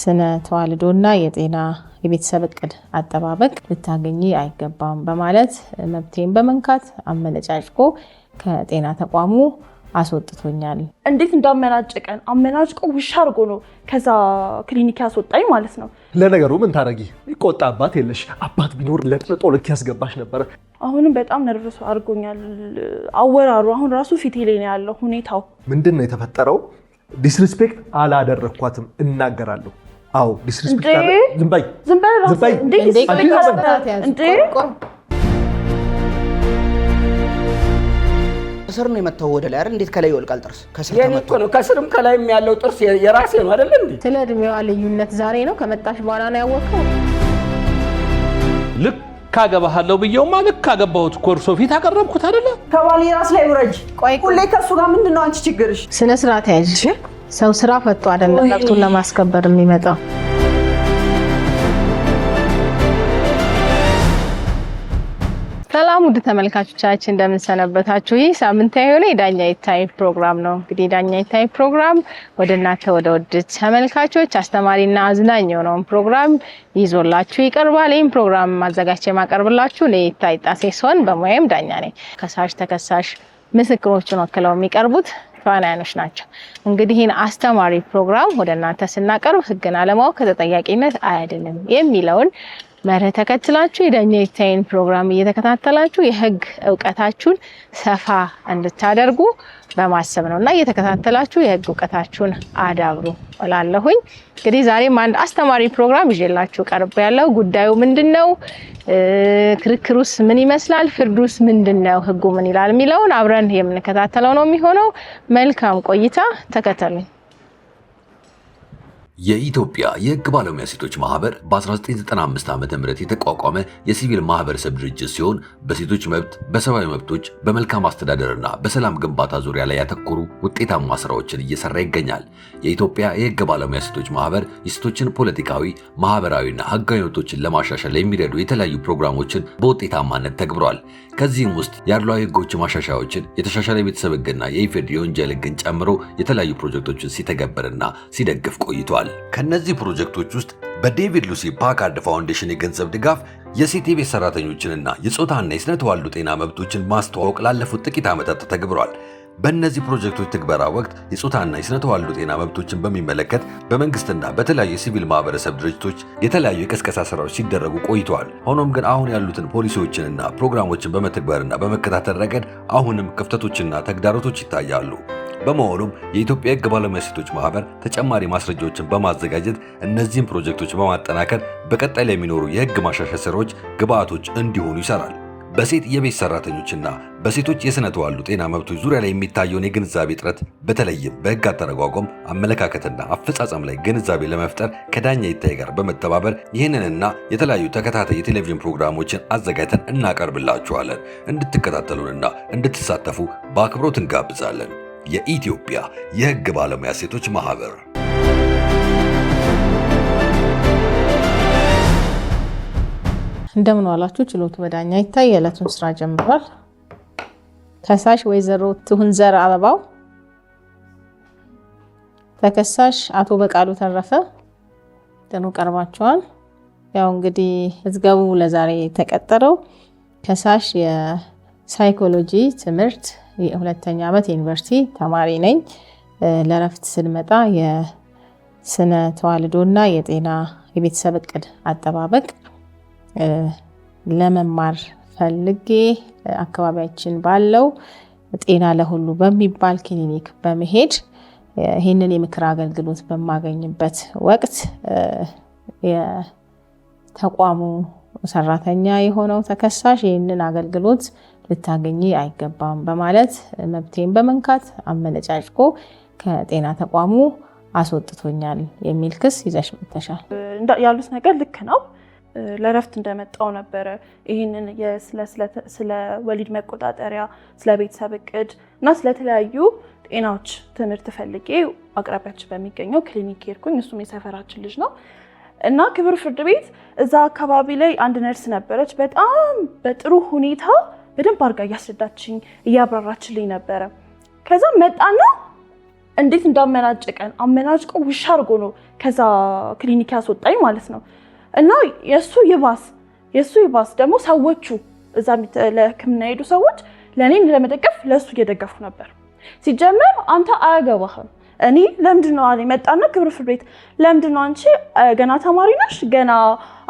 ስነ ተዋልዶና የጤና የቤተሰብ እቅድ አጠባበቅ ልታገኝ አይገባም በማለት መብቴን በመንካት አመነጫጭቆ ከጤና ተቋሙ አስወጥቶኛል። እንዴት እንዳመናጨቀን አመናጭቆ ውሻ አድርጎ ነው ከዛ ክሊኒክ ያስወጣኝ ማለት ነው። ለነገሩ ምን ታረጊ፣ ቆጣ አባት የለሽ። አባት ቢኖር ለጥጦ ልክ ያስገባሽ ነበረ። አሁንም በጣም ነርቭስ አድርጎኛል አወራሩ። አሁን ራሱ ፊቴ ላይ ነው ያለው ሁኔታው። ምንድን ነው የተፈጠረው? ዲስሪስፔክት አላደረግኳትም፣ እናገራለሁ አዎ ዲስሪስፔክት ዝም በይ ዝም በይ ዝም በይ እንዴ! ከስር ነው የመታው ወደ ላይ አይደል? እንዴት ከላይ ይወልቃል ጥርስ? ከስር ተመቶ ነው። ከስርም ከላይም ያለው ጥርስ የራሴ ነው አይደል እንዴ? ስለ እድሜዋ ልዩነት ዛሬ ነው ከመጣሽ በኋላ ነው ያወቀው። ልክ ካገባሃለሁ ብየውማ ልክ አገባሁት። ኮርሶ ፊት አቀረብኩት አይደለ? ከባል የራስ ላይ ውረጅ። ቆይ ሁሌ ከእሱ ጋር ምንድን ነው አንቺ ችግርሽ? ስነ ስርዓት ያዥ ሰው ስራ ፈቶ አይደለም መብቱን ለማስከበር የሚመጣው። ሰላም ውድ ተመልካቾቻችን እንደምንሰነበታችሁ። ይህ ሳምንታዊ የሆነ የዳኛ ይታይ ፕሮግራም ነው። እንግዲህ ዳኛ ይታይ ፕሮግራም ወደ እናንተ ወደ ውድ ተመልካቾች አስተማሪና አዝናኝ የሆነውን ፕሮግራም ይዞላችሁ ይቀርባል። ይህም ፕሮግራም ማዘጋጀት የማቀርብላችሁ እኔ ይታይ ጣሴ ሲሆን ዳኛ ነኝ። ከሳሽ ተከሳሽ ምስክሮችን ወክለው የሚቀርቡት ተዋናያኖች ናቸው። እንግዲህ ይህን አስተማሪ ፕሮግራም ወደ እናንተ ስናቀርብ ህግን አለማወቅ ከተጠያቂነት አያድንም የሚለውን መርህ ተከትላችሁ የዳኛ ይታየን ፕሮግራም እየተከታተላችሁ የህግ እውቀታችሁን ሰፋ እንድታደርጉ በማሰብ ነው እና እየተከታተላችሁ የህግ እውቀታችሁን አዳብሩ እላለሁኝ። እንግዲህ ዛሬም አንድ አስተማሪ ፕሮግራም ይዤላችሁ ቀርብ ያለው ጉዳዩ ምንድን ነው፣ ክርክሩስ ምን ይመስላል፣ ፍርዱስ ምንድን ነው፣ ህጉ ምን ይላል የሚለውን አብረን የምንከታተለው ነው የሚሆነው። መልካም ቆይታ፣ ተከተሉኝ። የኢትዮጵያ የህግ ባለሙያ ሴቶች ማህበር በ1995 ዓ.ም የተቋቋመ የሲቪል ማህበረሰብ ድርጅት ሲሆን በሴቶች መብት፣ በሰብአዊ መብቶች፣ በመልካም አስተዳደርና በሰላም ግንባታ ዙሪያ ላይ ያተኮሩ ውጤታማ ስራዎችን እየሰራ ይገኛል። የኢትዮጵያ የህግ ባለሙያ ሴቶች ማህበር የሴቶችን ፖለቲካዊ፣ ማህበራዊና ህጋዊ መብቶችን ለማሻሻል የሚረዱ የተለያዩ ፕሮግራሞችን በውጤታማነት ተግብሯል። ከዚህም ውስጥ የአድሏዊ ሕጎች ማሻሻያዎችን፣ የተሻሻለ የቤተሰብ ህግና የኢፌዴሪ የወንጀል ጨምሮ የተለያዩ ፕሮጀክቶችን ሲተገብርና ሲደግፍ ቆይቷል። ተገኝተዋል። ከነዚህ ፕሮጀክቶች ውስጥ በዴቪድ ሉሲ ፓካርድ ፋውንዴሽን የገንዘብ ድጋፍ የሴቴቤ ሰራተኞችንና የጾታና የስነ ተዋልዶ ጤና መብቶችን ማስተዋወቅ ላለፉት ጥቂት ዓመታት ተተግብሯል። በእነዚህ ፕሮጀክቶች ትግበራ ወቅት የጾታና የስነ ተዋልዶ ጤና መብቶችን በሚመለከት በመንግስትና በተለያዩ የሲቪል ማህበረሰብ ድርጅቶች የተለያዩ የቀስቀሳ ስራዎች ሲደረጉ ቆይተዋል። ሆኖም ግን አሁን ያሉትን ፖሊሲዎችንና ፕሮግራሞችን በመተግበርና በመከታተል ረገድ አሁንም ክፍተቶችና ተግዳሮቶች ይታያሉ። በመሆኑም የኢትዮጵያ የሕግ ባለሙያ ሴቶች ማህበር ተጨማሪ ማስረጃዎችን በማዘጋጀት እነዚህን ፕሮጀክቶች በማጠናከር በቀጣይ ለሚኖሩ የሕግ ማሻሻያ ስራዎች ግብአቶች እንዲሆኑ ይሰራል። በሴት የቤት ሰራተኞችና በሴቶች የስነ ተዋልዶ ጤና መብቶች ዙሪያ ላይ የሚታየውን የግንዛቤ እጥረት በተለይም በህግ አተረጓጎም አመለካከትና አፈጻጸም ላይ ግንዛቤ ለመፍጠር ከዳኛ ይታይ ጋር በመተባበር ይህንንና የተለያዩ ተከታታይ የቴሌቪዥን ፕሮግራሞችን አዘጋጅተን እናቀርብላችኋለን። እንድትከታተሉንና እንድትሳተፉ በአክብሮት እንጋብዛለን። የኢትዮጵያ የሕግ ባለሙያ ሴቶች ማህበር እንደምን ዋላችሁ። ችሎቱ በዳኛ ይታይ የዕለቱን ስራ ጀምሯል። ከሳሽ ወይዘሮ ዘር አበባው፣ ተከሳሽ አቶ በቃሉ ተረፈ ጥኑ ቀርባቸዋል። ያው እንግዲህ ህዝገቡ ለዛሬ የተቀጠረው ከሳሽ ሳይኮሎጂ ትምህርት የሁለተኛ ዓመት ዩኒቨርሲቲ ተማሪ ነኝ። ለረፍት ስንመጣ የስነ ተዋልዶና የጤና የቤተሰብ እቅድ አጠባበቅ ለመማር ፈልጌ አካባቢያችን ባለው ጤና ለሁሉ በሚባል ክሊኒክ በመሄድ ይህንን የምክር አገልግሎት በማገኝበት ወቅት የተቋሙ ሰራተኛ የሆነው ተከሳሽ ይህንን አገልግሎት ልታገኝ አይገባም በማለት መብቴን በመንካት አመነጫጭቆ ከጤና ተቋሙ አስወጥቶኛል የሚል ክስ ይዘሽ መጥተሻል። ያሉት ነገር ልክ ነው። ለእረፍት እንደመጣው ነበረ ይህንን ስለ ወሊድ መቆጣጠሪያ፣ ስለ ቤተሰብ እቅድ እና ስለተለያዩ ጤናዎች ትምህርት ፈልጌ አቅራቢያችን በሚገኘው ክሊኒክ ሄድኩኝ። እሱም የሰፈራችን ልጅ ነው እና ክብር ፍርድ ቤት እዛ አካባቢ ላይ አንድ ነርስ ነበረች። በጣም በጥሩ ሁኔታ በደንብ አድርጋ እያስረዳችኝ እያብራራችልኝ ነበረ። ከዛ መጣና እንዴት እንዳመናጨቀን አመናጭቆ ውሻ አድርጎ ነው ከዛ ክሊኒክ ያስወጣኝ ማለት ነው። እና የእሱ ይባስ የእሱ ይባስ ደግሞ ሰዎቹ እዛ ለሕክምና የሄዱ ሰዎች ለእኔን ለመደገፍ ለእሱ እየደገፉ ነበር። ሲጀመር አንተ አያገባህም እኔ ለምንድን ነው አለኝ። መጣና ግብር ፍርድ ቤት ለምንድን አንቺ ገና ተማሪ ነሽ፣ ገና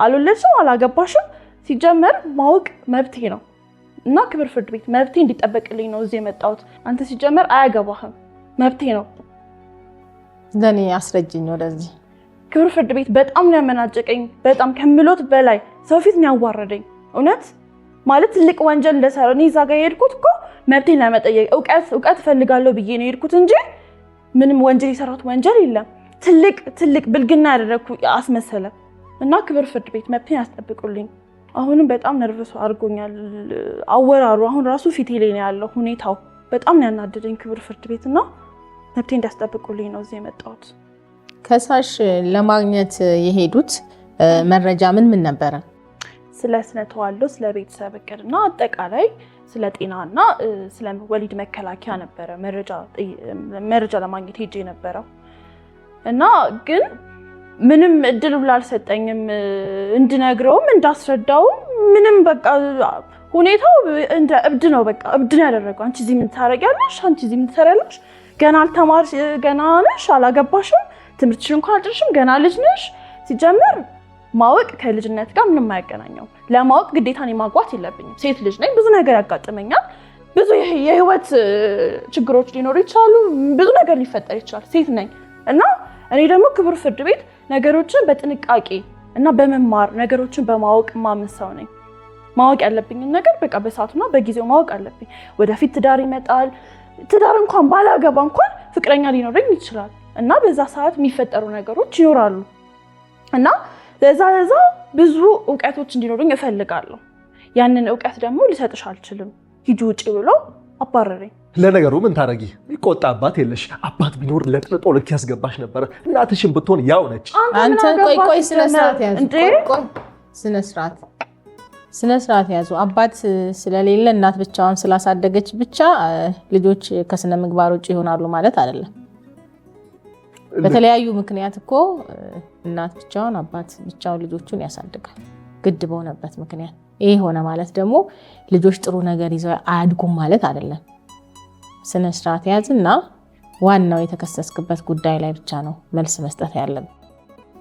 አልወለድሽም፣ አላገባሽም። ሲጀመር ማወቅ መብቴ ነው እና ክብር ፍርድ ቤት መብቴ እንዲጠበቅልኝ ነው እዚህ የመጣሁት። አንተ ሲጀመር አያገባህም፣ መብቴ ነው። ለእኔ አስረጅኝ ወደዚህ። ክብር ፍርድ ቤት በጣም ነው ያመናጨቀኝ። በጣም ከምሎት በላይ ሰው ፊት ነው ያዋረደኝ። እውነት ማለት ትልቅ ወንጀል እንደሰራ እኔ እዛ ጋር የሄድኩት እኮ መብቴን ለመጠየቅ እውቀት እውቀት እፈልጋለሁ ብዬ ነው የሄድኩት እንጂ ምንም ወንጀል የሰራሁት ወንጀል የለም። ትልቅ ትልቅ ብልግና ያደረግኩ አስመሰለ እና ክብር ፍርድ ቤት መብቴን ያስጠብቁልኝ። አሁንም በጣም ነርቨስ አድርጎኛል አወራሩ። አሁን ራሱ ፊቴ ላይ ነው ያለው ሁኔታው። በጣም ነው ያናደደኝ። ክብር ፍርድ ቤት እና መብቴ እንዲያስጠብቁልኝ ነው እዚህ የመጣሁት። ከሳሽ ለማግኘት የሄዱት መረጃ ምን ምን ነበረ? ስለ ስነ ተዋልዶ፣ ስለ ቤተሰብ እቅድ እና አጠቃላይ ስለ ጤና እና ስለ ወሊድ መከላከያ ነበረ መረጃ ለማግኘት ሄጄ ነበረው እና ግን ምንም እድል ብላ አልሰጠኝም። እንድነግረውም እንዳስረዳውም ምንም በቃ ሁኔታው እንደ እብድ ነው። በቃ እብድ ነው ያደረገው። አንቺ እዚህ ምን ታደርጊያለሽ? አንቺ እዚህ ምን ትሰሪያለሽ? ገና አልተማርሽ፣ ገና ነሽ፣ አላገባሽም፣ ትምህርትሽን እንኳን አልጨረስሽም፣ ገና ልጅ ነሽ። ሲጀምር ማወቅ ከልጅነት ጋር ምንም አያገናኘው። ለማወቅ ግዴታ እኔ የለብኝም። ሴት ልጅ ነኝ። ብዙ ነገር ያጋጥመኛል። ብዙ የህይወት ችግሮች ሊኖሩ ይችላሉ። ብዙ ነገር ሊፈጠር ይችላል። ሴት ነኝ እና እኔ ደግሞ ክቡር ፍርድ ቤት ነገሮችን በጥንቃቄ እና በመማር ነገሮችን በማወቅ ማምን ሰው ነኝ። ማወቅ ያለብኝን ነገር በቃ በሰዓቱና በጊዜው ማወቅ አለብኝ። ወደፊት ትዳር ይመጣል። ትዳር እንኳን ባላገባ እንኳን ፍቅረኛ ሊኖረኝ ይችላል እና በዛ ሰዓት የሚፈጠሩ ነገሮች ይኖራሉ እና ለዛ ለዛ ብዙ እውቀቶች እንዲኖሩኝ እፈልጋለሁ። ያንን እውቀት ደግሞ ልሰጥሽ አልችልም ሂጂ ውጭ ብሎ አባረረኝ። ለነገሩ ምን ታረጊ፣ ቆጣ አባት የለሽ። አባት ቢኖር ለጥጦ ልክ ያስገባሽ ነበረ። እናትሽን ብትሆን ያው ነች። አንተ ቆይ ቆይ፣ ስነ ስርዓት ያዙ፣ ስነ ስርዓት ያዙ። አባት ስለሌለ እናት ብቻዋን ስላሳደገች ብቻ ልጆች ከስነ ምግባር ውጭ ይሆናሉ ማለት አይደለም። በተለያዩ ምክንያት እኮ እናት ብቻውን አባት ብቻውን ልጆቹን ያሳድጋል ግድ በሆነበት ምክንያት ይህ ሆነ ማለት ደግሞ ልጆች ጥሩ ነገር ይዘው አያድጉም ማለት አይደለም። ስነ ስርዓት ያዝና ዋናው የተከሰስክበት ጉዳይ ላይ ብቻ ነው መልስ መስጠት ያለብን።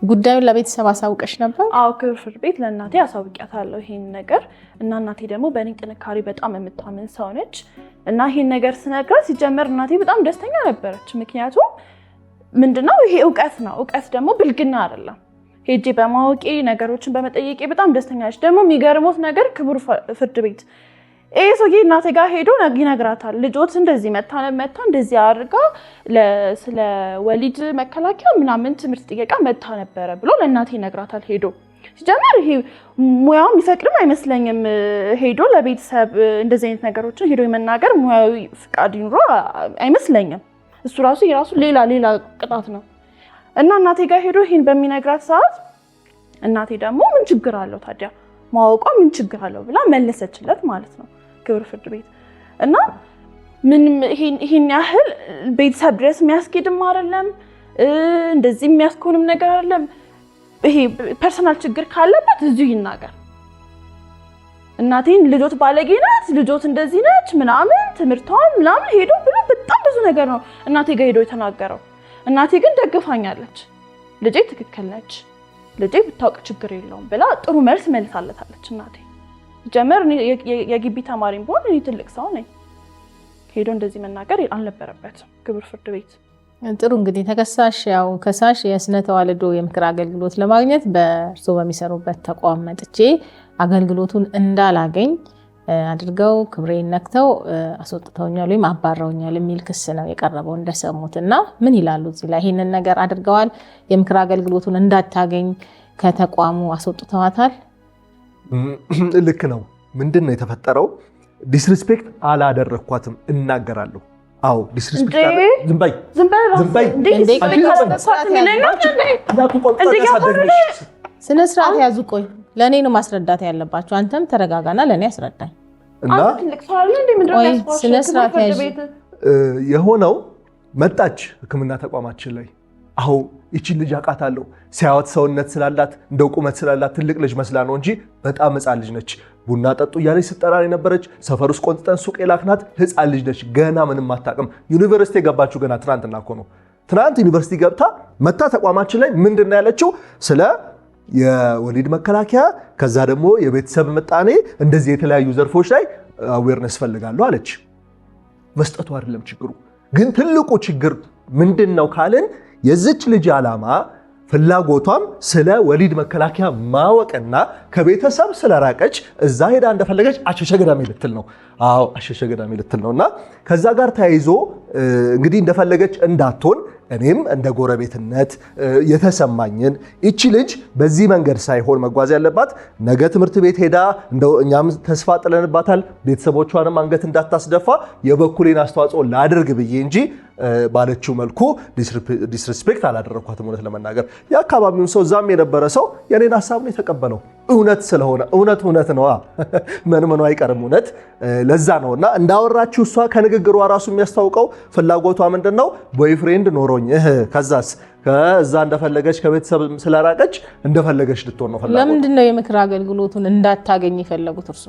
ጉዳዩን ለቤተሰብ አሳውቀሽ ነበር? አዎ፣ ክብር ፍርድ ቤት ለእናቴ አሳውቂያታለሁ ይሄን ነገር እና እናቴ ደግሞ በእኔ ጥንካሬ በጣም የምታምን ሰው ነች እና ይሄን ነገር ስነግራት ሲጀመር እናቴ በጣም ደስተኛ ነበረች። ምክንያቱም ምንድነው ይሄ እውቀት ነው። እውቀት ደግሞ ብልግና አይደለም። ሄጄ በማወቄ ነገሮችን በመጠየቄ በጣም ደስተኛ ነች። ደግሞ የሚገርሞት ነገር ክቡር ፍርድ ቤት ይሄ ሰውዬ እናቴ ጋር ሄዶ ይነግራታል። ልጆት እንደዚህ መታ መታ እንደዚህ አድርጋ ስለ ወሊድ መከላከያ ምናምን ትምህርት ጥየቃ መታ ነበረ ብሎ ለእናቴ ይነግራታል። ሄዶ ሲጀመር ይሄ ሙያው የሚፈቅድም አይመስለኝም። ሄዶ ለቤተሰብ እንደዚህ አይነት ነገሮችን ሄዶ የመናገር ሙያዊ ፍቃድ ይኑሮ አይመስለኝም። እሱ ራሱ የራሱ ሌላ ሌላ ቅጣት ነው። እና እናቴ ጋር ሄዶ ይህን በሚነግራት ሰዓት እናቴ ደግሞ ምን ችግር አለው ታዲያ ማወቋ ምን ችግር አለው ብላ መለሰችለት ማለት ነው ክብር ፍርድ ቤት እና ምንም ይሄን ያህል ቤተሰብ ድረስ የሚያስኬድም አይደለም፣ እንደዚህ የሚያስኮንም ነገር አይደለም። ይሄ ፐርሰናል ችግር ካለበት እዚሁ ይናገር። እናቴን ልጆት ባለጌ ናት፣ ልጆት እንደዚህ ነች ምናምን ትምህርቷን ምናምን ሄዶ ብሎ በጣም ብዙ ነገር ነው እናቴ ጋር ሄዶ የተናገረው። እናቴ ግን ደግፋኛለች። ልጄ ትክክል ነች፣ ልጄ ብታውቅ ችግር የለውም ብላ ጥሩ መልስ መልሳለታለች እናቴ። ጀመር የግቢ ተማሪም በሆን እኔ ትልቅ ሰው ነኝ። ሄዶ እንደዚህ መናገር አልነበረበትም። ክብር ፍርድ ቤት ጥሩ እንግዲህ ተከሳሽ ያው ከሳሽ የስነ ተዋልዶ የምክር አገልግሎት ለማግኘት በእርሶ በሚሰሩበት ተቋም መጥቼ አገልግሎቱን እንዳላገኝ አድርገው ክብሬን ነክተው አስወጥተውኛል ወይም አባረውኛል የሚል ክስ ነው የቀረበው እንደሰሙት። እና ምን ይላሉ እዚህ ላይ? ይህንን ነገር አድርገዋል፣ የምክር አገልግሎቱን እንዳታገኝ ከተቋሙ አስወጥተዋታል። ልክ ነው። ምንድን ነው የተፈጠረው? ዲስሪስፔክት አላደረግኳትም፣ እናገራለሁ አዎ ያዙ። ቆይ ለእኔ ነው ማስረዳት ያለባቸው። አንተም ተረጋጋና ለእኔ አስረዳኝ። የሆነው መጣች ህክምና ተቋማችን ላይ አሁ ይቺን ልጅ አውቃታለሁ። ሲያወት ሰውነት ስላላት እንደው ቁመት ስላላት ትልቅ ልጅ መስላ ነው እንጂ በጣም ህፃን ልጅ ነች። ቡና ጠጡ እያለች ስጠራ የነበረች ሰፈር ውስጥ ቆንጥጠን ሱቅ የላክናት ህፃን ልጅ ነች። ገና ምንም አታውቅም። ዩኒቨርሲቲ የገባችው ገና ትናንትና እኮ ነው። ትናንት ዩኒቨርሲቲ ገብታ መታ ተቋማችን ላይ ምንድን ነው ያለችው ስለ የወሊድ መከላከያ ከዛ ደግሞ የቤተሰብ ምጣኔ እንደዚህ የተለያዩ ዘርፎች ላይ አዌርነስ ፈልጋለሁ አለች። መስጠቱ አይደለም ችግሩ። ግን ትልቁ ችግር ምንድን ነው ካልን የዚች ልጅ ዓላማ ፍላጎቷም ስለ ወሊድ መከላከያ ማወቅና ከቤተሰብ ስለራቀች እዛ ሄዳ እንደፈለገች አሸሸ ገዳሜ ልትል ነው። አዎ አሸሸ ገዳሜ ልትል ነው። እና ከዛ ጋር ተያይዞ እንግዲህ እንደፈለገች እንዳትሆን እኔም እንደ ጎረቤትነት የተሰማኝን ይቺ ልጅ በዚህ መንገድ ሳይሆን መጓዝ ያለባት ነገ ትምህርት ቤት ሄዳ እኛም ተስፋ ጥለንባታል ቤተሰቦቿንም አንገት እንዳታስደፋ የበኩሌን አስተዋጽኦ ላድርግ ብዬ እንጂ ባለችው መልኩ ዲስሪስፔክት አላደረግኳትም። እውነት ለመናገር የአካባቢውን ሰው እዛም የነበረ ሰው የኔን ሀሳብ ነው የተቀበለው። እውነት ስለሆነ እውነት እውነት ነዋ፣ መንመኑ አይቀርም እውነት። ለዛ ነው እና እንዳወራችው እሷ ከንግግሯ ራሱ የሚያስታውቀው ፍላጎቷ ምንድን ነው? ቦይፍሬንድ ኖሮኝ ከዛስ ከዛ እንደፈለገች ከቤተሰብ ስለራቀች እንደፈለገች ልትሆን ነው። ለምንድን ነው የምክር አገልግሎቱን እንዳታገኝ የፈለጉት እርሱ?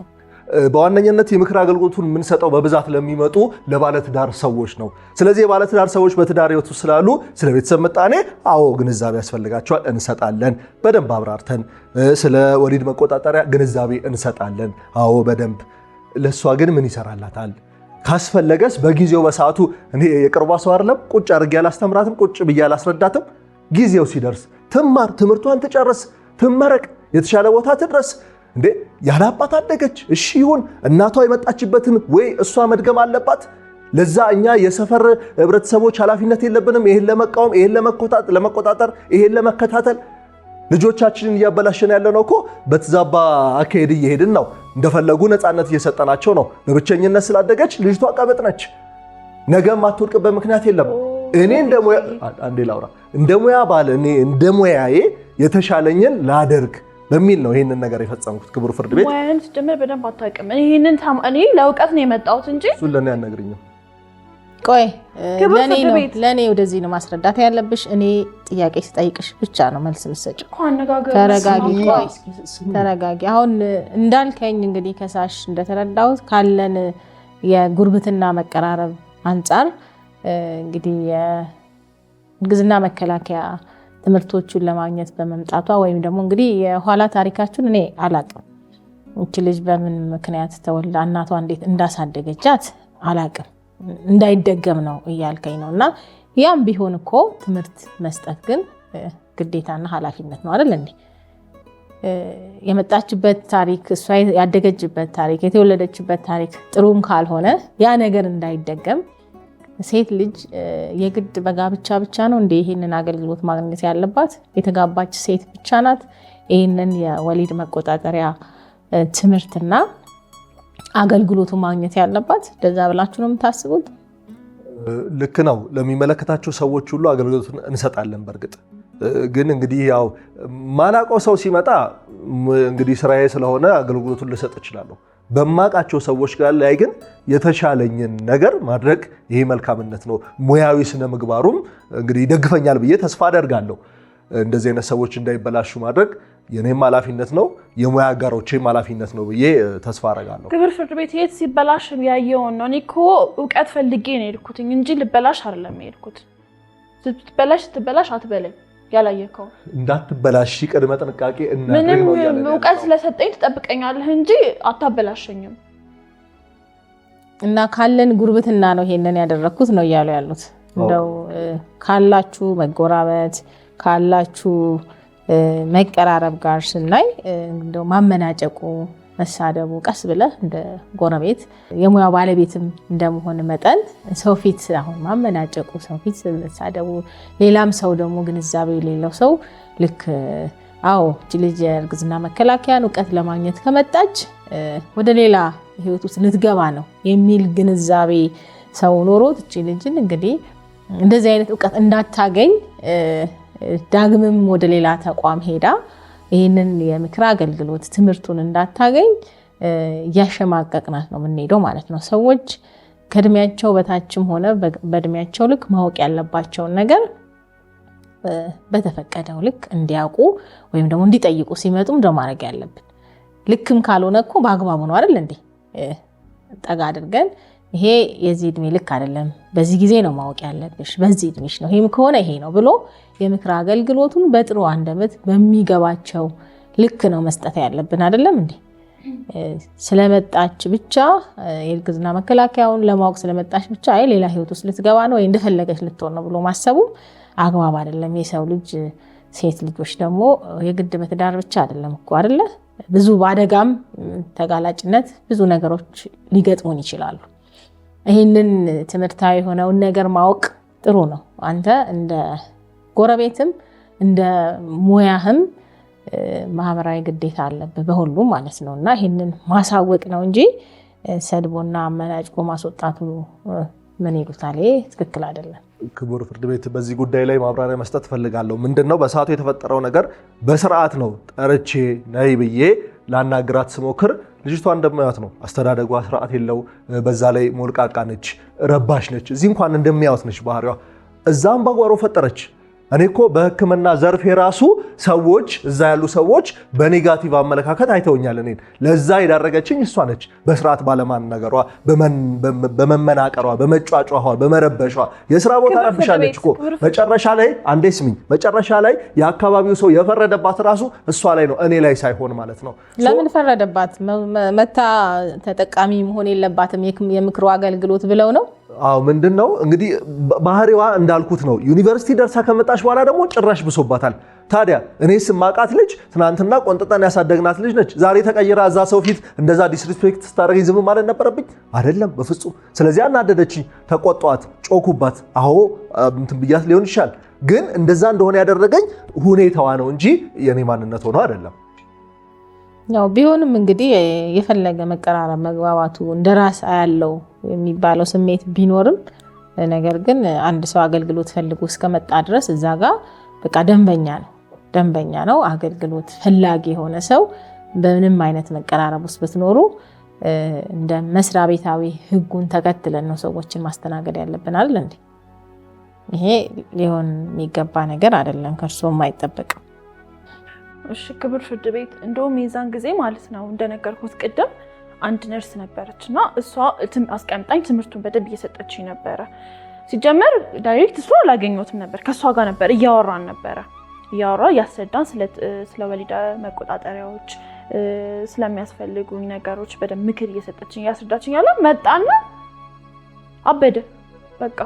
በዋነኝነት የምክር አገልግሎቱን የምንሰጠው በብዛት ለሚመጡ ለባለትዳር ሰዎች ነው። ስለዚህ የባለትዳር ሰዎች በትዳር ሕይወት ስላሉ ስለ ቤተሰብ ምጣኔ፣ አዎ ግንዛቤ ያስፈልጋቸዋል፣ እንሰጣለን። በደንብ አብራርተን ስለ ወሊድ መቆጣጠሪያ ግንዛቤ እንሰጣለን። አዎ በደንብ ለእሷ ግን ምን ይሰራላታል? ካስፈለገስ በጊዜው በሰዓቱ እኔ የቅርቧ ሰው አይደለም፣ ቁጭ አድርጌ አላስተምራትም፣ ቁጭ ብዬ አላስረዳትም። ጊዜው ሲደርስ ትማር፣ ትምህርቷን ትጨርስ፣ ትመረቅ፣ የተሻለ ቦታ ትድረስ፣ እንዴ ያለ አባት አደገች። እሺ ይሁን፣ እናቷ የመጣችበትን ወይ እሷ መድገም አለባት። ለዛ እኛ የሰፈር ህብረተሰቦች ኃላፊነት የለብንም? ይሄን ለመቃወም፣ ይሄን ለመቆጣጠር፣ ይሄን ለመከታተል ልጆቻችንን እያበላሸን ያለ ነው እኮ። በተዛባ አካሄድ እየሄድን ነው። እንደፈለጉ ነፃነት እየሰጠናቸው ነው። በብቸኝነት ስላደገች ልጅቷ ቀበጥ ነች። ነገ ማትወድቅበት ምክንያት የለም። እኔ እንደ ሙያ ባል እንደ ሙያዬ የተሻለኝን ላደርግ በሚል ነው ይህንን ነገር የፈጸምኩት። ክቡር ፍርድ ቤት ወይም ጭምር በደንብ አታውቅም። ይህንን እኔ ለእውቀት ነው የመጣሁት እንጂ እሱን ለእኔ አልነግርኝም። ቆይ ለእኔ ወደዚህ ነው ማስረዳት ያለብሽ። እኔ ጥያቄ ስጠይቅሽ ብቻ ነው መልስ ምሰጭ። ተረጋጊ፣ ተረጋጊ። አሁን እንዳልከኝ እንግዲህ ከሳሽ እንደተረዳሁት ካለን የጉርብትና መቀራረብ አንጻር እንግዲህ የእርግዝና መከላከያ ትምህርቶቹን ለማግኘት በመምጣቷ ወይም ደግሞ እንግዲህ የኋላ ታሪካችሁን እኔ አላቅም። ይቺ ልጅ በምን ምክንያት ተወልዳ እናቷ እንዴት እንዳሳደገቻት አላቅም። እንዳይደገም ነው እያልከኝ ነው። እና ያም ቢሆን እኮ ትምህርት መስጠት ግን ግዴታና ኃላፊነት ነው አይደል እንዴ? የመጣችበት ታሪክ እሷ ያደገችበት ታሪክ የተወለደችበት ታሪክ ጥሩም ካልሆነ ያ ነገር እንዳይደገም ሴት ልጅ የግድ በጋብቻ ብቻ ነው እንደ ይሄንን አገልግሎት ማግኘት ያለባት? የተጋባች ሴት ብቻ ናት? ይህንን የወሊድ መቆጣጠሪያ ትምህርትና አገልግሎቱ ማግኘት ያለባት? እንደዛ ብላችሁ ነው የምታስቡት? ልክ ነው። ለሚመለከታቸው ሰዎች ሁሉ አገልግሎቱን እንሰጣለን። በእርግጥ ግን እንግዲህ ያው ማላውቀው ሰው ሲመጣ እንግዲህ ስራዬ ስለሆነ አገልግሎቱን ልሰጥ እችላለሁ። በማውቃቸው ሰዎች ጋር ላይ ግን የተሻለኝን ነገር ማድረግ ይሄ መልካምነት ነው። ሙያዊ ስነ ምግባሩም እንግዲህ ይደግፈኛል ብዬ ተስፋ አደርጋለሁ። እንደዚህ አይነት ሰዎች እንዳይበላሹ ማድረግ የኔም ኃላፊነት ነው፣ የሙያ አጋሮቼም ኃላፊነት ነው ብዬ ተስፋ አደርጋለሁ። ክብር ፍርድ ቤት የት ሲበላሽ ያየውን ነው። እኔ እኮ እውቀት ፈልጌ ነው የሄድኩት እንጂ ልበላሽ አይደለም የሄድኩት። ስትበላሽ ስትበላሽ አትበለኝ ያላየከው እንዳትበላሽ ቅድመ ጥንቃቄ ምንም እውቀት ስለሰጠኝ ትጠብቀኛለህ እንጂ አታበላሸኝም። እና ካለን ጉርብትና ነው ይሄንን ያደረግኩት ነው እያሉ ያሉት። እንደው ካላችሁ መጎራበት ካላችሁ መቀራረብ ጋር ስናይ እንደው ማመናጨቁ መሳደቡ ቀስ ብለህ እንደ ጎረቤት የሙያ ባለቤትም እንደመሆን መጠን ሰው ፊት አሁን ማመናጨቁ፣ ሰው ፊት መሳደቡ፣ ሌላም ሰው ደግሞ ግንዛቤ የሌለው ሰው ልክ አዎ ልጅ የእርግዝና መከላከያን እውቀት ለማግኘት ከመጣች ወደ ሌላ ህይወት ውስጥ ልትገባ ነው የሚል ግንዛቤ ሰው ኖሮት እቺ ልጅን እንግዲህ እንደዚህ አይነት እውቀት እንዳታገኝ ዳግምም ወደ ሌላ ተቋም ሄዳ ይህንን የምክር አገልግሎት ትምህርቱን እንዳታገኝ እያሸማቀቅናት ነው የምንሄደው ማለት ነው። ሰዎች ከእድሜያቸው በታችም ሆነ በእድሜያቸው ልክ ማወቅ ያለባቸውን ነገር በተፈቀደው ልክ እንዲያውቁ ወይም ደግሞ እንዲጠይቁ ሲመጡም ደ ማድረግ ያለብን ልክም ካልሆነ እኮ በአግባቡ ነው አይደል እንዴ ጠጋ አድርገን ይሄ የዚህ እድሜ ልክ አይደለም፣ በዚህ ጊዜ ነው ማወቅ ያለብሽ፣ በዚህ እድሜሽ ነው፣ ይህም ከሆነ ይሄ ነው ብሎ የምክር አገልግሎቱን በጥሩ አንደበት በሚገባቸው ልክ ነው መስጠት ያለብን አይደለም እንዴ? ስለመጣች ብቻ የእርግዝና መከላከያውን ለማወቅ ስለመጣች ብቻ አይ ሌላ ህይወት ውስጥ ልትገባ ነው ወይ እንደፈለገች ልትሆን ነው ብሎ ማሰቡ አግባብ አይደለም። የሰው ልጅ ሴት ልጆች ደግሞ የግድ በትዳር ብቻ አይደለም እኮ አይደለ? ብዙ በአደጋም ተጋላጭነት ብዙ ነገሮች ሊገጥሙን ይችላሉ። ይህንን ትምህርታዊ የሆነውን ነገር ማወቅ ጥሩ ነው። አንተ እንደ ጎረቤትም እንደ ሙያህም ማህበራዊ ግዴታ አለብህ በሁሉ ማለት ነው። እና ይህንን ማሳወቅ ነው እንጂ ሰድቦና አመናጭቆ ማስወጣቱ ምን ይሉታል? ትክክል አይደለም። ክቡር ፍርድ ቤት በዚህ ጉዳይ ላይ ማብራሪያ መስጠት እፈልጋለሁ። ምንድን ነው በሰዓቱ የተፈጠረው ነገር በስርዓት ነው ጠርቼ ነይ ብዬ ላናግራት ስሞክር ልጅቷ እንደማያት ነው። አስተዳደጓ ስርዓት የለው፣ በዛ ላይ ሞልቃቃ ነች፣ ረባሽ ነች። እዚህ እንኳን እንደሚያዩት ነች ባህሪዋ። እዛም ባጓሮ ፈጠረች። እኔ እኮ በህክምና ዘርፍ የራሱ ሰዎች እዛ ያሉ ሰዎች በኔጋቲቭ አመለካከት አይተውኛል። እኔን ለዛ የዳረገችኝ እሷ ነች። በስርዓት ነገሯ፣ በመመናቀሯ፣ በመጫጫኋ፣ በመረበሿ የስራ ቦታ ረብሻለች እኮ መጨረሻ ላይ አንዴ ስሚኝ፣ መጨረሻ ላይ የአካባቢው ሰው የፈረደባት ራሱ እሷ ላይ ነው እኔ ላይ ሳይሆን ማለት ነው። ለምን ፈረደባት? መታ ተጠቃሚ መሆን የለባትም የምክሩ አገልግሎት ብለው ነው አዎ ምንድን ነው እንግዲህ ባህሪዋ እንዳልኩት ነው። ዩኒቨርሲቲ ደርሳ ከመጣች በኋላ ደግሞ ጭራሽ ብሶባታል። ታዲያ እኔ ስማቃት ልጅ ትናንትና ቆንጥጠን ያሳደግናት ልጅ ነች። ዛሬ ተቀይራ እዛ ሰው ፊት እንደዛ ዲስሪስፔክት ስታደርገኝ ዝም ማለት ነበረብኝ? አይደለም በፍጹም። ስለዚህ አናደደች ተቆጧት፣ ጮኩባት። አዎ እንትን ብያት ሊሆን ይሻል፣ ግን እንደዛ እንደሆነ ያደረገኝ ሁኔታዋ ነው እንጂ የኔ ማንነት ሆኖ አይደለም። ያው ቢሆንም እንግዲህ የፈለገ መቀራረብ መግባባቱ እንደራስ ያለው የሚባለው ስሜት ቢኖርም ነገር ግን አንድ ሰው አገልግሎት ፈልጎ እስከመጣ ድረስ እዛ ጋ በቃ ደንበኛ ነው ደንበኛ ነው። አገልግሎት ፈላጊ የሆነ ሰው በምንም አይነት መቀራረብ ውስጥ ብትኖሩ እንደ መስሪያ ቤታዊ ህጉን ተከትለን ነው ሰዎችን ማስተናገድ ያለብን እንዴ? ይሄ ሊሆን የሚገባ ነገር አይደለም፣ ከእርስዎም አይጠበቅም። እሺ ክብር ፍርድ ቤት እንደውም የዛን ጊዜ ማለት ነው እንደነገርኩት ቅድም አንድ ነርስ ነበረች እና እሷ አስቀምጣኝ ትምህርቱን በደንብ እየሰጠች ነበረ። ሲጀመር ዳይሬክት እሷ አላገኘትም ነበር። ከእሷ ጋር ነበር እያወራን ነበረ እያወራ እያስረዳን ስለ ወሊድ መቆጣጠሪያዎች ስለሚያስፈልጉኝ ነገሮች በደንብ ምክር እየሰጠችኝ እያስረዳችኝ ያለ መጣና አበደ። በቃ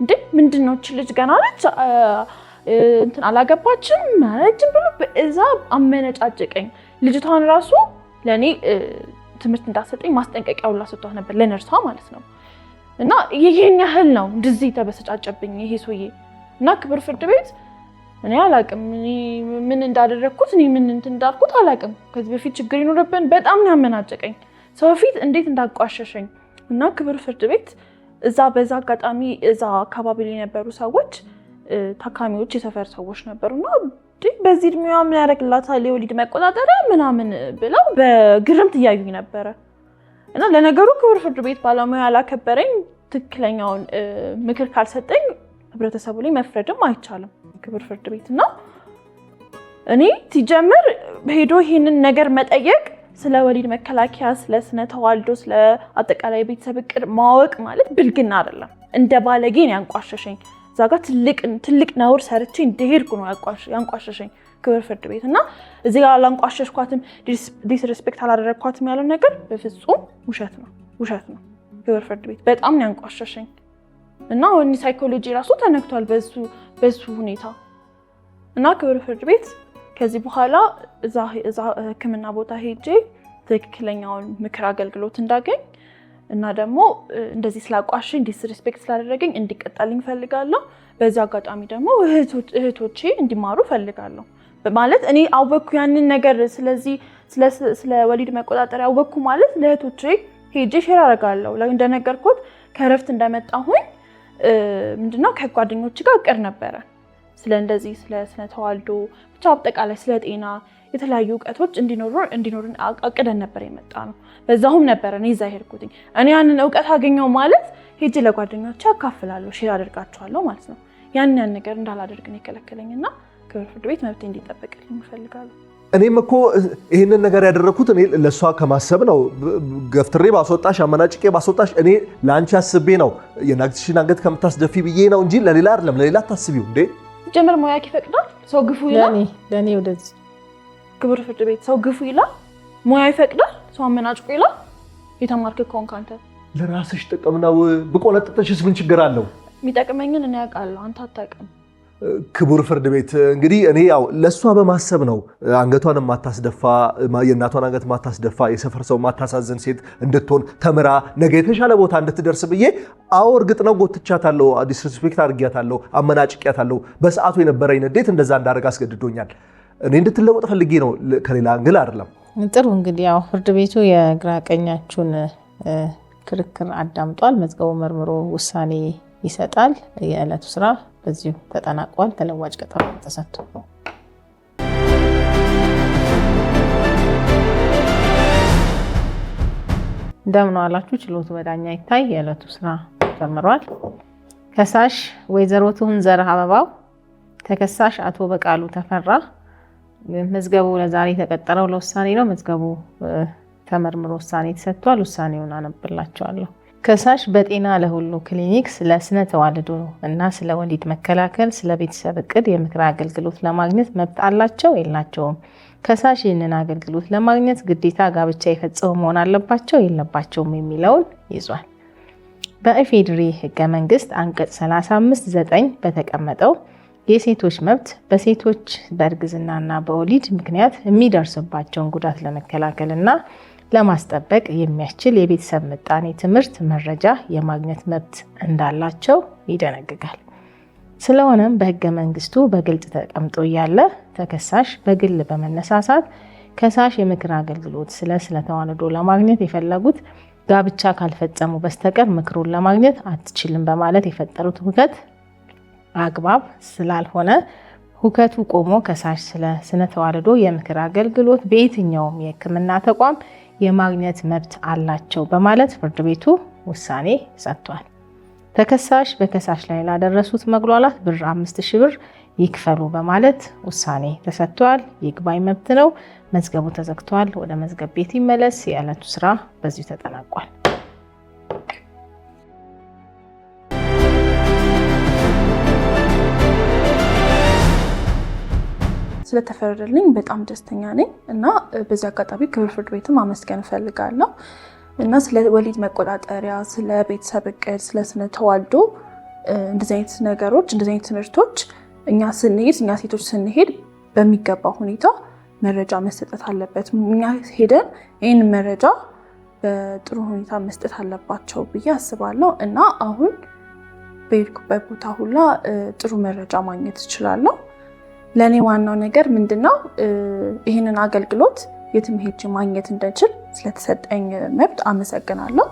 እንዴ ምንድን ነው ልጅ ገና ነች እንትን አላገባችም መረጅም ብሎ በእዛ አመነጫጭቀኝ። ልጅቷን ራሱ ለእኔ ትምህርት እንዳሰጠኝ ማስጠንቀቂያ ሁላ ሰጥቷት ነበር ለነርሷ ማለት ነው። እና ይህን ያህል ነው እንደዚህ ተበሰጫጨብኝ ይሄ ሰውዬ እና ክብር ፍርድ ቤት እኔ አላቅም ምን እንዳደረግኩት እኔ ምን እንትን እንዳልኩት አላቅም። ከዚህ በፊት ችግር ይኖረብን በጣም ነው ያመናጨቀኝ ሰው ፊት እንዴት እንዳቋሸሸኝ እና ክብር ፍርድ ቤት እዛ በዛ አጋጣሚ እዛ አካባቢ ላይ የነበሩ ሰዎች ታካሚዎች የሰፈር ሰዎች እና በዚህ እድሜዋ ምን ያደርግላታል የወሊድ መቆጣጠሪያ ምናምን ብለው በግርምት እያዩኝ ነበረ። እና ለነገሩ ክቡር ፍርድ ቤት ባለሙያ አላከበረኝ፣ ትክክለኛውን ምክር ካልሰጠኝ ህብረተሰቡ ላይ መፍረድም አይቻልም። ክቡር ፍርድ ቤት እና እኔ ሲጀምር ሄዶ ይህንን ነገር መጠየቅ ስለ ወሊድ መከላከያ፣ ስለ ስነ ተዋልዶ፣ ስለ አጠቃላይ ቤተሰብ እቅድ ማወቅ ማለት ብልግና አይደለም። እንደ ባለጌን ያንቋሸሸኝ እዛ ጋር ትልቅ ነውር ሰርቼ እንደሄድኩ ነው ያንቋሸሸኝ ክብር ፍርድ ቤት እና እዚህ ጋር አላንቋሸሽኳትም፣ ዲስሬስፔክት አላደረግኳትም ያለው ነገር በፍጹም ውሸት ነው፣ ውሸት ነው። ክብር ፍርድ ቤት በጣም ነው ያንቋሸሸኝ እና ወኒ ሳይኮሎጂ ራሱ ተነክቷል በሱ ሁኔታ እና ክብር ፍርድ ቤት ከዚህ በኋላ እዛ ሕክምና ቦታ ሄጄ ትክክለኛውን ምክር አገልግሎት እንዳገኝ እና ደግሞ እንደዚህ ስላቋሸኝ ዲስሪስፔክት ስላደረገኝ እንዲቀጣልኝ ፈልጋለሁ። በዚህ አጋጣሚ ደግሞ እህቶቼ እንዲማሩ ፈልጋለሁ። ማለት እኔ አወኩ ያንን ነገር ስለዚህ ስለ ወሊድ መቆጣጠሪያ አወኩ ማለት ለእህቶቼ ሄጄ ሼር አደርጋለሁ። እንደነገርኩት ከእረፍት እንደመጣሁኝ ምንድነው ከጓደኞች ጋር ቅር ነበረ ስለ እንደዚህ ስለ ብቻ አጠቃላይ ስለ ጤና የተለያዩ እውቀቶች እንዲኖሩ እንዲኖርን አቅደን ነበር የመጣ ነው። በዛሁም ነበረ እኔ እዛ ሄድኩትኝ። እኔ ያንን እውቀት አገኘው ማለት ሄጅ ለጓደኞች አካፍላለሁ፣ ሼር አደርጋቸዋለሁ ማለት ነው። ያን ያን ነገር እንዳላደርግን የከለከለኝ እና ክብር ፍርድ ቤት መብት እንዲጠበቅልኝ ይፈልጋሉ። እኔም እኮ ይህንን ነገር ያደረግኩት እኔ ለእሷ ከማሰብ ነው። ገፍትሬ ባስወጣሽ፣ አመናጭቄ ባስወጣሽ እኔ ለአንቺ አስቤ ነው። የናግሽን አንገት ከምታስደፊ ብዬ ነው እንጂ ለሌላ አይደለም። ለሌላ አታስቢው እንዴ ጀምር። ሙያክ ይፈቅዳል ሰው ግፉ ይላል። ለእኔ ወደዚህ ክቡር ፍርድ ቤት ሰው ግፉ ይላል፣ ሙያ ይፈቅዳል፣ ሰው አመናጭቁ ይላል። የተማርክ ከሆን አንተ ለራስሽ ጥቅም ነው። ምን ችግር አለው? የሚጠቅመኝን እኔ ያውቃለሁ፣ አንተ አታውቅም። ክቡር ፍርድ ቤት እንግዲህ እኔ ያው ለእሷ በማሰብ ነው አንገቷን የማታስደፋ የእናቷን አንገት የማታስደፋ የሰፈር ሰው የማታሳዝን ሴት እንድትሆን ተምራ ነገ የተሻለ ቦታ እንድትደርስ ብዬ። አዎ እርግጥ ነው ጎትቻታለሁ፣ ዲስሪስፔክት አድርጊያታለሁ፣ አመናጭቂያታለሁ። በሰዓቱ የነበረኝ ንዴት እንደዛ እንዳደርግ አስገድዶኛል። እኔ እንድትለወጥ ፈልጌ ነው ከሌላ እንግል አይደለም። ጥሩ እንግዲህ ያው ፍርድ ቤቱ የግራ ቀኛችሁን ክርክር አዳምጧል። መዝገቡ መርምሮ ውሳኔ ይሰጣል። የዕለቱ ስራ በዚሁ ተጠናቋል። ተለዋጭ ቀጠሮ ተሰጥቶ እንደምን ዋላችሁ። ችሎቱ በዳኛ ይታይ የዕለቱ ስራ ጀምሯል። ከሳሽ ወይዘሮ ትሁን አበባው፣ ተከሳሽ አቶ በቃሉ ተፈራ መዝገቡ ለዛሬ የተቀጠረው ለውሳኔ ነው። መዝገቡ ተመርምሮ ውሳኔ ተሰጥቷል። ውሳኔውን አነብላቸዋለሁ። ከሳሽ በጤና ለሁሉ ክሊኒክ ስለ ስነ ተዋልዶ እና ስለ ወሊድ መከላከል፣ ስለ ቤተሰብ እቅድ የምክር አገልግሎት ለማግኘት መብት አላቸው የላቸውም? ከሳሽ ይህንን አገልግሎት ለማግኘት ግዴታ ጋብቻ የፈጸሙ መሆን አለባቸው የለባቸውም? የሚለውን ይዟል። በኢፌዴሪ ህገ መንግስት አንቀጽ 35 በተቀመጠው የሴቶች መብት በሴቶች በእርግዝናና በወሊድ ምክንያት የሚደርስባቸውን ጉዳት ለመከላከልና ለማስጠበቅ የሚያስችል የቤተሰብ ምጣኔ ትምህርት መረጃ የማግኘት መብት እንዳላቸው ይደነግጋል። ስለሆነም በህገ መንግስቱ በግልጽ ተቀምጦ እያለ ተከሳሽ በግል በመነሳሳት ከሳሽ የምክር አገልግሎት ስለ ስለተዋንዶ ለማግኘት የፈለጉት ጋብቻ ካልፈጸሙ በስተቀር ምክሩን ለማግኘት አትችልም በማለት የፈጠሩት ውከት አግባብ ስላልሆነ ሁከቱ ቆሞ ከሳሽ ስለ ስነ ተዋልዶ የምክር አገልግሎት በየትኛውም የሕክምና ተቋም የማግኘት መብት አላቸው በማለት ፍርድ ቤቱ ውሳኔ ሰጥቷል። ተከሳሽ በከሳሽ ላይ ላደረሱት መጉላላት ብር አምስት ብር ይክፈሉ በማለት ውሳኔ ተሰጥቷል። ይግባኝ መብት ነው። መዝገቡ ተዘግቷል። ወደ መዝገብ ቤት ይመለስ። የዕለቱ ስራ በዚሁ ተጠናቋል። ስለተፈረደልኝ በጣም ደስተኛ ነኝ እና በዚህ አጋጣሚ ክብር ፍርድ ቤትም አመስገን እፈልጋለሁ እና ስለ ወሊድ መቆጣጠሪያ፣ ስለ ቤተሰብ እቅድ፣ ስለ ስነ ተዋልዶ እንደዚህ አይነት ነገሮች እንደዚህ አይነት ትምህርቶች እኛ ስንሄድ እኛ ሴቶች ስንሄድ በሚገባ ሁኔታ መረጃ መሰጠት አለበት። እኛ ሄደን ይህን መረጃ በጥሩ ሁኔታ መስጠት አለባቸው ብዬ አስባለሁ እና አሁን በሄድኩበት ቦታ ሁላ ጥሩ መረጃ ማግኘት እችላለሁ። ለእኔ ዋናው ነገር ምንድን ነው፣ ይህንን አገልግሎት የትም ሄጅ ማግኘት እንደችል ስለተሰጠኝ መብት አመሰግናለሁ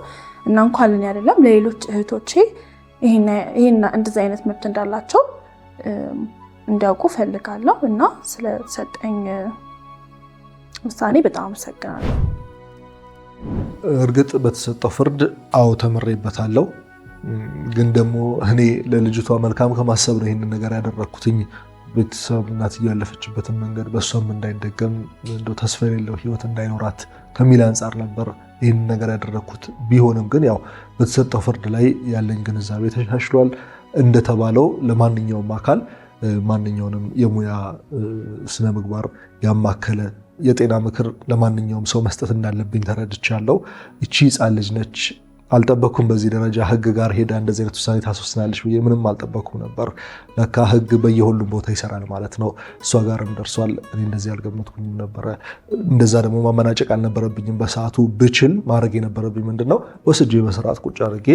እና እንኳን ለእኔ አይደለም ለሌሎች እህቶቼ እንደዚህ አይነት መብት እንዳላቸው እንዲያውቁ ፈልጋለሁ እና ስለተሰጠኝ ውሳኔ በጣም አመሰግናለሁ። እርግጥ በተሰጠው ፍርድ አዎ ተምሬበታለሁ። ግን ደግሞ እኔ ለልጅቷ መልካም ከማሰብ ነው ይህንን ነገር ያደረግኩትኝ ቤተሰብ እናት እያለፈችበትን መንገድ በእሷም እንዳይደገም እንደው ተስፋ የሌለው ህይወት እንዳይኖራት ከሚል አንጻር ነበር ይህን ነገር ያደረግኩት። ቢሆንም ግን ያው በተሰጠው ፍርድ ላይ ያለኝ ግንዛቤ ተሻሽሏል። እንደተባለው ለማንኛውም አካል ማንኛውንም የሙያ ስነ ምግባር ያማከለ የጤና ምክር ለማንኛውም ሰው መስጠት እንዳለብኝ ተረድቻለሁ። እቺ ህፃን ልጅ ነች። አልጠበኩም በዚህ ደረጃ ህግ ጋር ሄዳ እንደዚህ አይነት ውሳኔ ታስወስናለች ብዬ ምንም አልጠበኩም ነበር። ለካ ህግ በየሁሉም ቦታ ይሰራል ማለት ነው። እሷ ጋርም ደርሷል። እኔ እንደዚህ አልገመትኩኝም ነበረ። እንደዛ ደግሞ ማመናጨቅ አልነበረብኝም። በሰዓቱ ብችል ማድረግ የነበረብኝ ምንድን ነው ወስጄ በስርዓት ቁጭ አድርጌ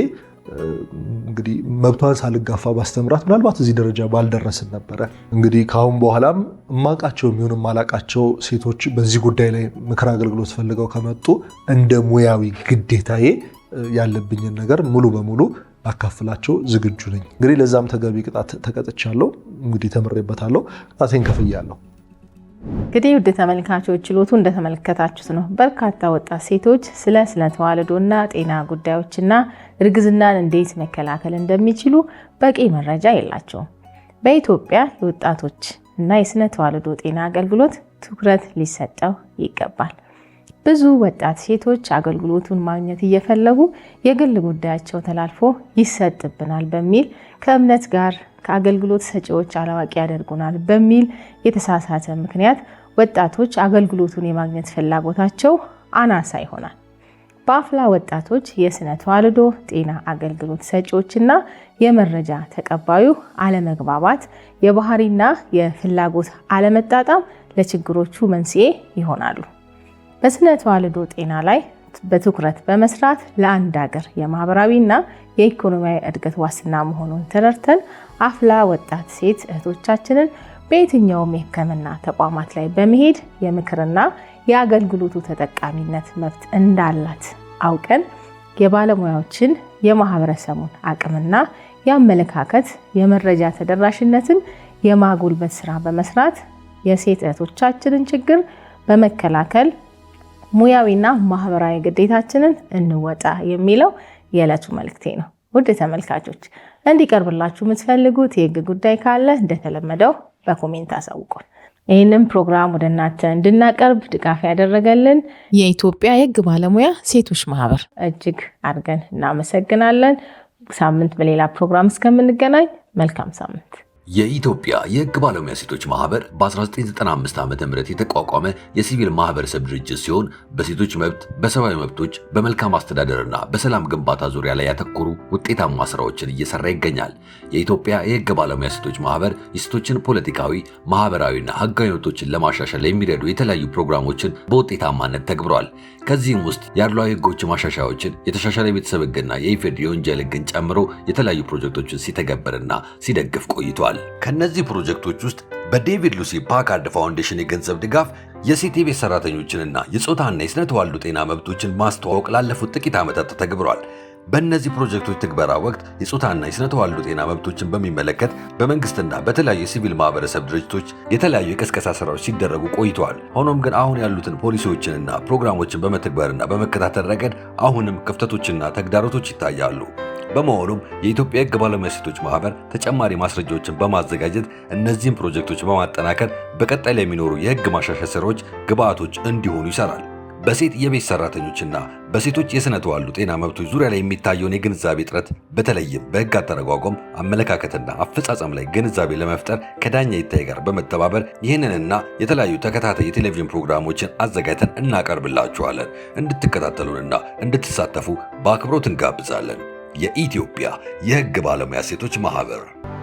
እንግዲህ መብቷን ሳልጋፋ ባስተምራት ምናልባት እዚህ ደረጃ ባልደረስን ነበረ። እንግዲህ ከአሁን በኋላም እማቃቸው የሚሆን ማላቃቸው ሴቶች በዚህ ጉዳይ ላይ ምክር አገልግሎት ፈልገው ከመጡ እንደ ሙያዊ ግዴታዬ ያለብኝን ነገር ሙሉ በሙሉ ላካፍላቸው ዝግጁ ነኝ። እንግዲህ ለዛም ተገቢ ቅጣት ተቀጥቻለሁ። እንግዲህ ተምሬበታለሁ፣ ቅጣቴን ከፍያለሁ። እንግዲህ ውድ ተመልካቾች ችሎቱ እንደተመለከታችሁት ነው። በርካታ ወጣት ሴቶች ስለ ስነ ተዋልዶና ጤና ጉዳዮችና እርግዝናን እንዴት መከላከል እንደሚችሉ በቂ መረጃ የላቸውም። በኢትዮጵያ የወጣቶች እና የስነ ተዋልዶ ጤና አገልግሎት ትኩረት ሊሰጠው ይገባል። ብዙ ወጣት ሴቶች አገልግሎቱን ማግኘት እየፈለጉ የግል ጉዳያቸው ተላልፎ ይሰጥብናል በሚል ከእምነት ጋር ከአገልግሎት ሰጪዎች አላዋቂ ያደርጉናል በሚል የተሳሳተ ምክንያት ወጣቶች አገልግሎቱን የማግኘት ፍላጎታቸው አናሳ ይሆናል። በአፍላ ወጣቶች የስነ ተዋልዶ ጤና አገልግሎት ሰጪዎችና የመረጃ ተቀባዩ አለመግባባት፣ የባህሪና የፍላጎት አለመጣጣም ለችግሮቹ መንስኤ ይሆናሉ። በስነ ተዋልዶ ጤና ላይ በትኩረት በመስራት ለአንድ ሀገር የማህበራዊና የኢኮኖሚያዊ እድገት ዋስትና መሆኑን ተረድተን አፍላ ወጣት ሴት እህቶቻችንን በየትኛውም የሕክምና ተቋማት ላይ በመሄድ የምክርና የአገልግሎቱ ተጠቃሚነት መብት እንዳላት አውቀን የባለሙያዎችን የማህበረሰቡን አቅምና የአመለካከት የመረጃ ተደራሽነትን የማጎልበት ስራ በመስራት የሴት እህቶቻችንን ችግር በመከላከል ሙያዊና ማህበራዊ ግዴታችንን እንወጣ የሚለው የዕለቱ መልእክቴ ነው። ውድ ተመልካቾች እንዲቀርብላችሁ የምትፈልጉት የህግ ጉዳይ ካለ እንደተለመደው በኮሜንት አሳውቁን። ይህንም ፕሮግራም ወደ እናንተ እንድናቀርብ ድጋፍ ያደረገልን የኢትዮጵያ የህግ ባለሙያ ሴቶች ማህበር እጅግ አድርገን እናመሰግናለን። ሳምንት በሌላ ፕሮግራም እስከምንገናኝ መልካም ሳምንት የኢትዮጵያ የህግ ባለሙያ ሴቶች ማህበር በ1995 ዓ.ም የተቋቋመ የሲቪል ማህበረሰብ ድርጅት ሲሆን በሴቶች መብት፣ በሰብአዊ መብቶች፣ በመልካም አስተዳደርና በሰላም ግንባታ ዙሪያ ላይ ያተኮሩ ውጤታማ ስራዎችን እየሰራ ይገኛል። የኢትዮጵያ የህግ ባለሙያ ሴቶች ማህበር የሴቶችን ፖለቲካዊ፣ ማህበራዊና ሕጋዊ መብቶችን ለማሻሻል የሚረዱ የተለያዩ ፕሮግራሞችን በውጤታማነት ተግብሯል። ከዚህም ውስጥ ያሉዊ ሕጎች ማሻሻያዎችን፣ የተሻሻለ የቤተሰብ ሕግና የኢፌዴሪ የወንጀል ጨምሮ የተለያዩ ፕሮጀክቶችን ሲተገብርና ሲደግፍ ቆይቷል። ተገኝተዋል። ከነዚህ ፕሮጀክቶች ውስጥ በዴቪድ ሉሲ ፓካርድ ፋውንዴሽን የገንዘብ ድጋፍ የሴቴቤ ሰራተኞችንና የጾታና የስነ ተዋልዶ ጤና መብቶችን ማስተዋወቅ ላለፉት ጥቂት ዓመታት ተተግብሯል። በእነዚህ ፕሮጀክቶች ትግበራ ወቅት የጾታና የስነ ተዋልዶ ጤና መብቶችን በሚመለከት በመንግስትና በተለያዩ የሲቪል ማህበረሰብ ድርጅቶች የተለያዩ የቀስቀሳ ስራዎች ሲደረጉ ቆይተዋል። ሆኖም ግን አሁን ያሉትን ፖሊሲዎችንና ፕሮግራሞችን በመተግበርና በመከታተል ረገድ አሁንም ክፍተቶችና ተግዳሮቶች ይታያሉ። በመሆኑም የኢትዮጵያ የህግ ባለሙያ ሴቶች ማህበር ተጨማሪ ማስረጃዎችን በማዘጋጀት እነዚህን ፕሮጀክቶች በማጠናከር በቀጣይ ለሚኖሩ የሕግ ማሻሻያ ስራዎች ግብአቶች እንዲሆኑ ይሰራል። በሴት የቤት ሰራተኞችና በሴቶች የስነ ተዋልዶ ጤና መብቶች ዙሪያ ላይ የሚታየውን የግንዛቤ ጥረት በተለይም በህግ አተረጓጎም አመለካከትና አፈጻጸም ላይ ግንዛቤ ለመፍጠር ከዳኛ ይታይ ጋር በመተባበር ይህንንና የተለያዩ ተከታታይ የቴሌቪዥን ፕሮግራሞችን አዘጋጅተን እናቀርብላችኋለን። እንድትከታተሉንና እንድትሳተፉ በአክብሮት እንጋብዛለን። የኢትዮጵያ የሕግ ባለሙያ ሴቶች ማህበር